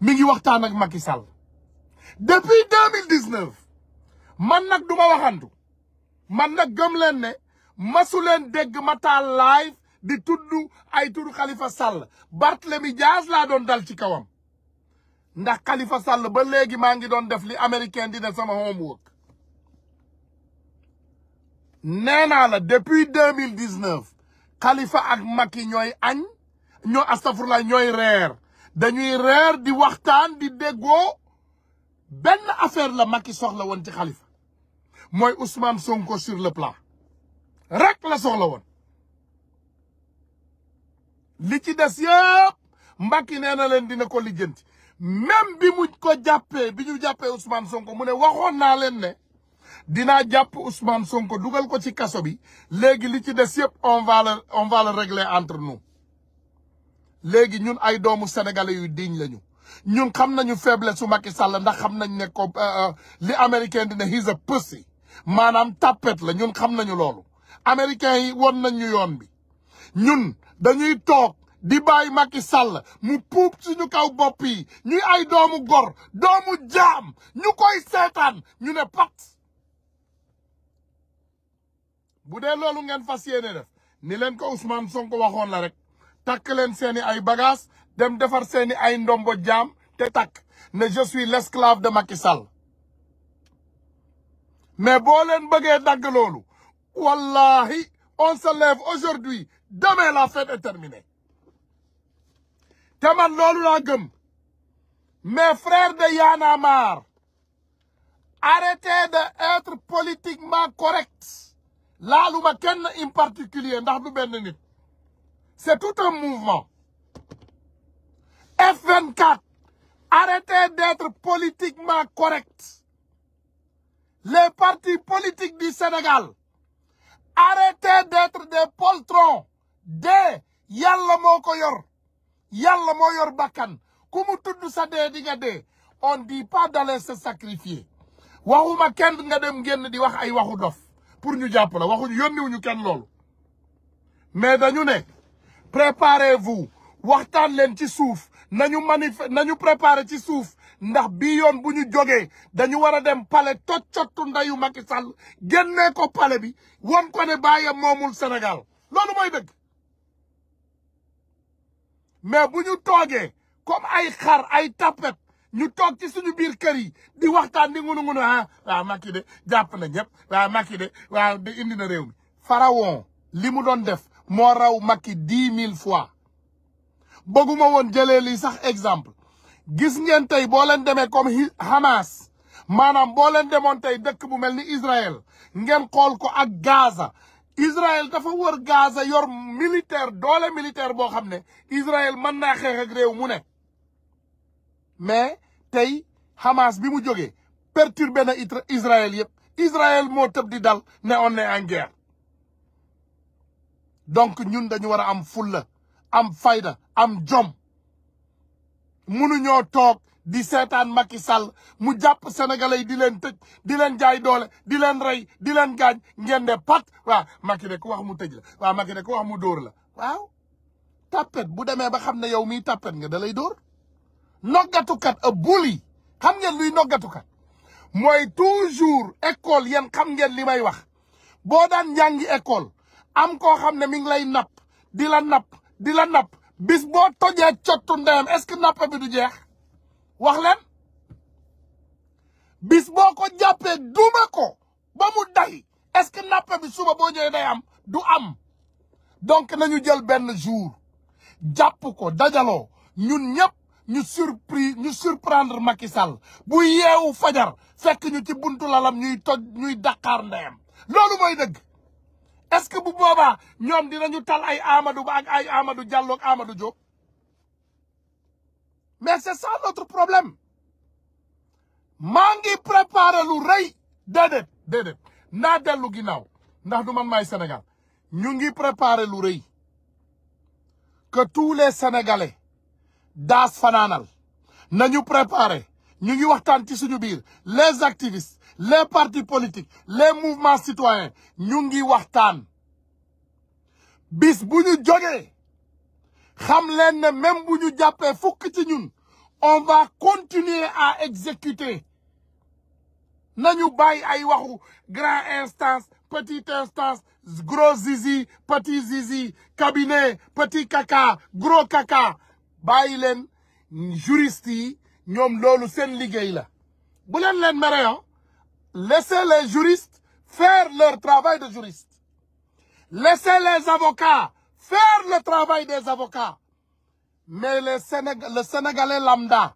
mi ngi waxtaan ak Macky Sall depuis 2019 man nag duma waxantu man nag gëm leen ne masu dégg ma taal di tudd ay turu Khalifa Sall Barthélemy jaas laa doon dal ci kawam ndax Khalifa Sall ba léegi maa ngi doon def li américain dina ne sama homework nee naa la depuis 2019 Khalifa ak Macky ñooy añ ñoo astafurla ñooy reer dañuy reer di waxtaan di déggoo benn affaire la Macky soxla woon ci xalifa mooy Ousmane Sonko sur le plan rek la soxla woon li ci des yëpp Macky nee na leen dina ko lijjanti même bi mu ko jàppee bi ñu jàppee Ousmane Sonko mu ne waxoon naa leen ne dina jàpp Ousmane Sonko dugal ko ci kaso bi léegi li ci des yëpp on va le entre nous léegi ñun ay doomu sénégalais yu diñ lañu ñun xam nañu faiblesse su maki Sall ndax xam nañ ne ko euh, euh, li américain dina he's a pussy maanaam tapet la ñun xam nañu loolu américain yi woon nañu yoon bi ñun dañuy toog di bàyyi maki Sall mu puub suñu kaw bopp yi ñuy ay doomu gor doomu jaam ñu koy seetaan ñu ne pat bu dee loolu ngeen fas yéene def ni leen ko Ousmane Sonko waxoon la rek takk leen seeni ay bagages dem defar seeni ay ndombo jaam te takk ne je l'esclave de Macky Sall mais boo leen bëggee dagg loolu wallahi on se lève aujourd'hui demain la fête est terminée te man loolu laa gëm mes frères de Y'en a marre arrêtez d'être politiquement correct laalu ma kenn in particulier ndax du benn nit C'est tout un mouvement. F24, arrêtez d'être politiquement correct. Les partis politiques du Sénégal, arrêtez d'être des poltrons. de yàlla moo ko yor yàlla moo yor bakkan ku mu tudd sa dee di nga dee on dit pas d'aller se sacrifier waxuma kenn nga dem génn di wax ay waxu dof pour ñu jàpp la waxuñu yónniwuñu kenn loolu mais dañu ne préparez-vous waxtaan leen ci suuf nañu manif nañu préparer ci suuf ndax bi yoon bu ñu jógee dañu war a dem palais toccottu yu Macky Sall génnee ko palais bi won ko ne bàyyam moomul Sénégal loolu mooy dëgg mais bu ñu toogee kom ay xar ay tapet ñu toog ci suñu biir kër yi di waxtaan di ngunu ngunu ah waaw Macky de jàpp na ñëpp waaw Macky de waaw de indi na réew mi pharaon li mu doon def moo raw Macky dix mille fois bëgguma woon jëlee lii sax exemple gis ngeen tey boo leen demee comme Hamas maanaam boo leen demoon tey dëkk bu mel ni Israël ngeen xool ko ak Gaza Israël dafa wër Gaza yor militaire doole militaire boo xam ne Israël man naa xeex ak mu ne mais tey Hamas bi mu jógee perturbé na Israël yëpp Israël moo tëb di dal ne on est en guerre donc ñun dañu war a am fulla am fayda am jom mënuñoo toog di seetaan Macky Sall mu jàpp sénégalais di leen tëj di leen jaay doole di leen rey di leen gaañ ngeen de pat waaw Macky de wax mu tëj la waaw Macky de wax mu dóor la waaw tàppet bu demee ba xam ne yow mi tàppet nga da lay dóor noggatukat a xam ngeen luy noggatukat mooy toujours école yéen xam ngeen li may wax boo daan jàngi école am ko xam ne mi ngi lay napp di la napp di la napp bis boo tojee cottu ndeyam est-ce que napp bi du jeex wax leen bis boo ko jàppee duma ko ba mu day est-ce que napp bi suba boo ñëwee day am du am donc nañu jël benn jour jàpp ko dajaloo ñun ñëpp ñu surpris ñu surprendre Macky Sall bu yeewu fajar fekk ñu ci buntu lalam ñuy toj ñuy daqaar ndeyam loolu mooy dëgg est-ce que bu boobaa ñoom dinañu tal ay Amadou Ba ay Amadou Diallo ak Amadou Diop mais c'est ça notre problème maa ngi préparé lu rëy déedéet déedéet naa dellu ginnaaw ndax du man maay ñu ngi préparé lu rëy que tous les Sénégalais daas fanaanal nañu préparé ñu ngi waxtaan ci suñu biir les activistes le parti politiques le mouvements citoyens ñu ngi waxtaan bis bu ñu jógee xam leen ne même bu ñu jàppee fukk ci ñun on va continuer à exécuter nañu bàyyi ay waxu grand instance petite instance gros zizi petit zizi cabinet petit caca gros caca bàyyi leen juriste yi ñoom loolu seen liggéey la bu leen leen mere ah. Laissez le juristes faire leur travail de juriste. Laissez le avocats faire le travail des avocats. Mais le, Sénég le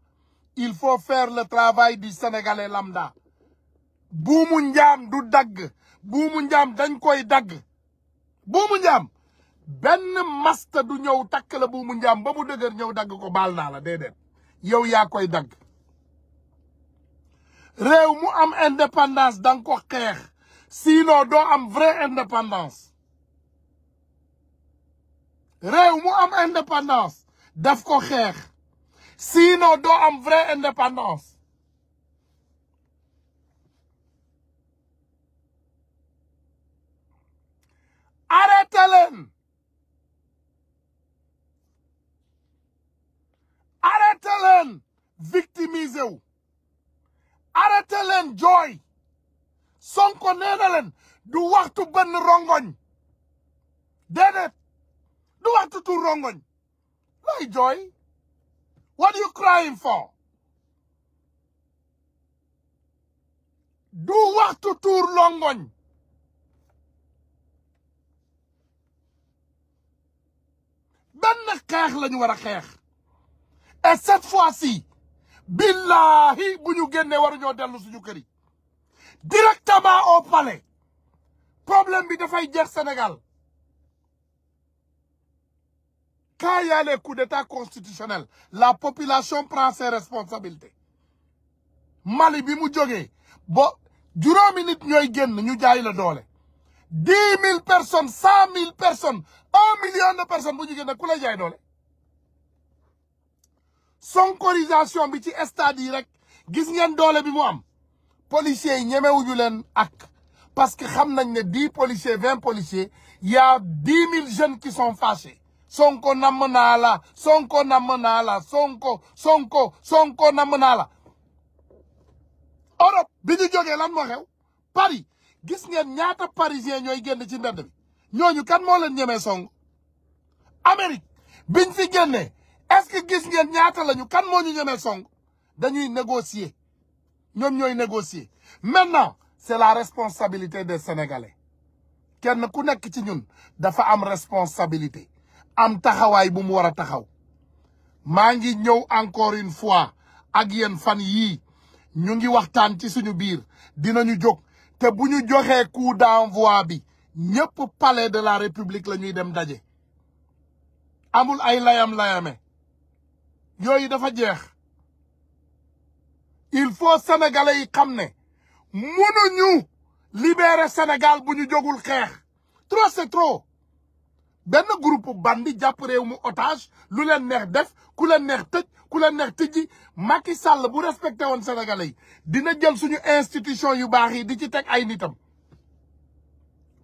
il faut faire le travail du Sénégalais lambda. buumu njaam du dagg buumu njaam dañ koy dagg buumu njaam benn masta du ñëw takk la buumu njaam ba mu dëgër ñëw dagg ko baal naa la déedéet yow yaa koy dagg réew mu am indépendance danga ko xeex sinon doo am vraie indépendance réew mu am indépendance daf ko xeex sinon doo am vrai indépendance Sonko nee na leen du waxtu benn rongoñ déedéet du waxtu tu rongoñ lay jooy what you crying for du waxtu tuur longoñ benn xeex la ñu war a xeex et cette fois-ci billahi bu ñu génnee waruñoo dellu suñu kër yi directement au pale problème bi dafay jeex senegal quand il y a les coups la population prend ses responsabilités Mali bi mu jógee ba juróomi nit ñooy génn ñu jaay la doole dix mille personnes cent mille personnes un million de personnes bu ñu génn ku lay jaay doole sonkorisation bi ci stade yi rek gis ngeen doole bi mu am policiers yi ñemewuñu leen ak parce que xam nañ ne dii policiers vingt policiers y a mille jeunes qui son fâchés Sonko namm naa la Sonko namm naa la Sonko Sonko Sonko namm naa la Europe bi ñu jógee lan moo xew Paris gis ngeen ñaata parisien ñooy génn ci mbedd bi ñooñu kan moo leen ñemee song Amérique biñ si génnee est-ce que gis ngeen ñaata lañu kan moo ñu ñemee song dañuy négocier ñoom ñooy négocier maintenant c'est la responsabilité de sénégalais kenn ku nekk ci ñun dafa am responsabilité am taxawaay bu mu war a taxaw maa ngi ñëw encore une fois ak yéen fan yii ñu ngi waxtaan ci suñu biir dinañu jóg te bu ñu joxee coup d'envoi bi ñëpp pale de la république la ñuy dem daje amul ay layam-layame yooyu dafa jeex il faut sénégalais yi xam ne mënuñu libérer Sénégal bu ñu jógul xeex trop c'est trop benn groupe bandi jàpp réew mu otage lu leen neex def ku leen neex tëj ku leen neex tëjji Macky Sall bu respecté woon sénégalais yi dina jël suñu institution yu baax yi di ci teg ay nitam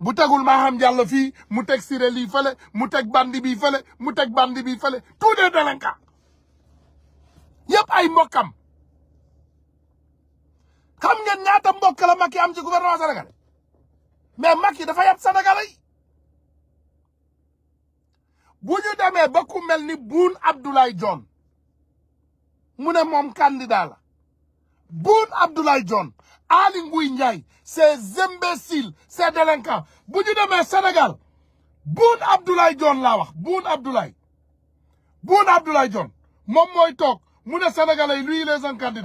bu tegul Maham Diallo fi mu teg Siré lii fële mu teg bandi bii fële mu teg bandi bi fële tous des délinquants yëpp ay mbokkam xam ngeen ñaata mbokk la Macky am ci gouvernement Sénégal mais Macky dafa yab Sénégalais yi bu ñu demee ba mel ni Boun Abdoulaye Dionne mu ne moom candidat la Boun Abdoulaye Dionne Aly Ngouille Ndiaye ces imbéciles ces délinquants bu ñu demee Sénégal Boun Abdoulaye Dionne laa wax Boun Abdoulaye Boun Abdoulaye Dionne moom mooy toog mu ne Sénégalais yi lui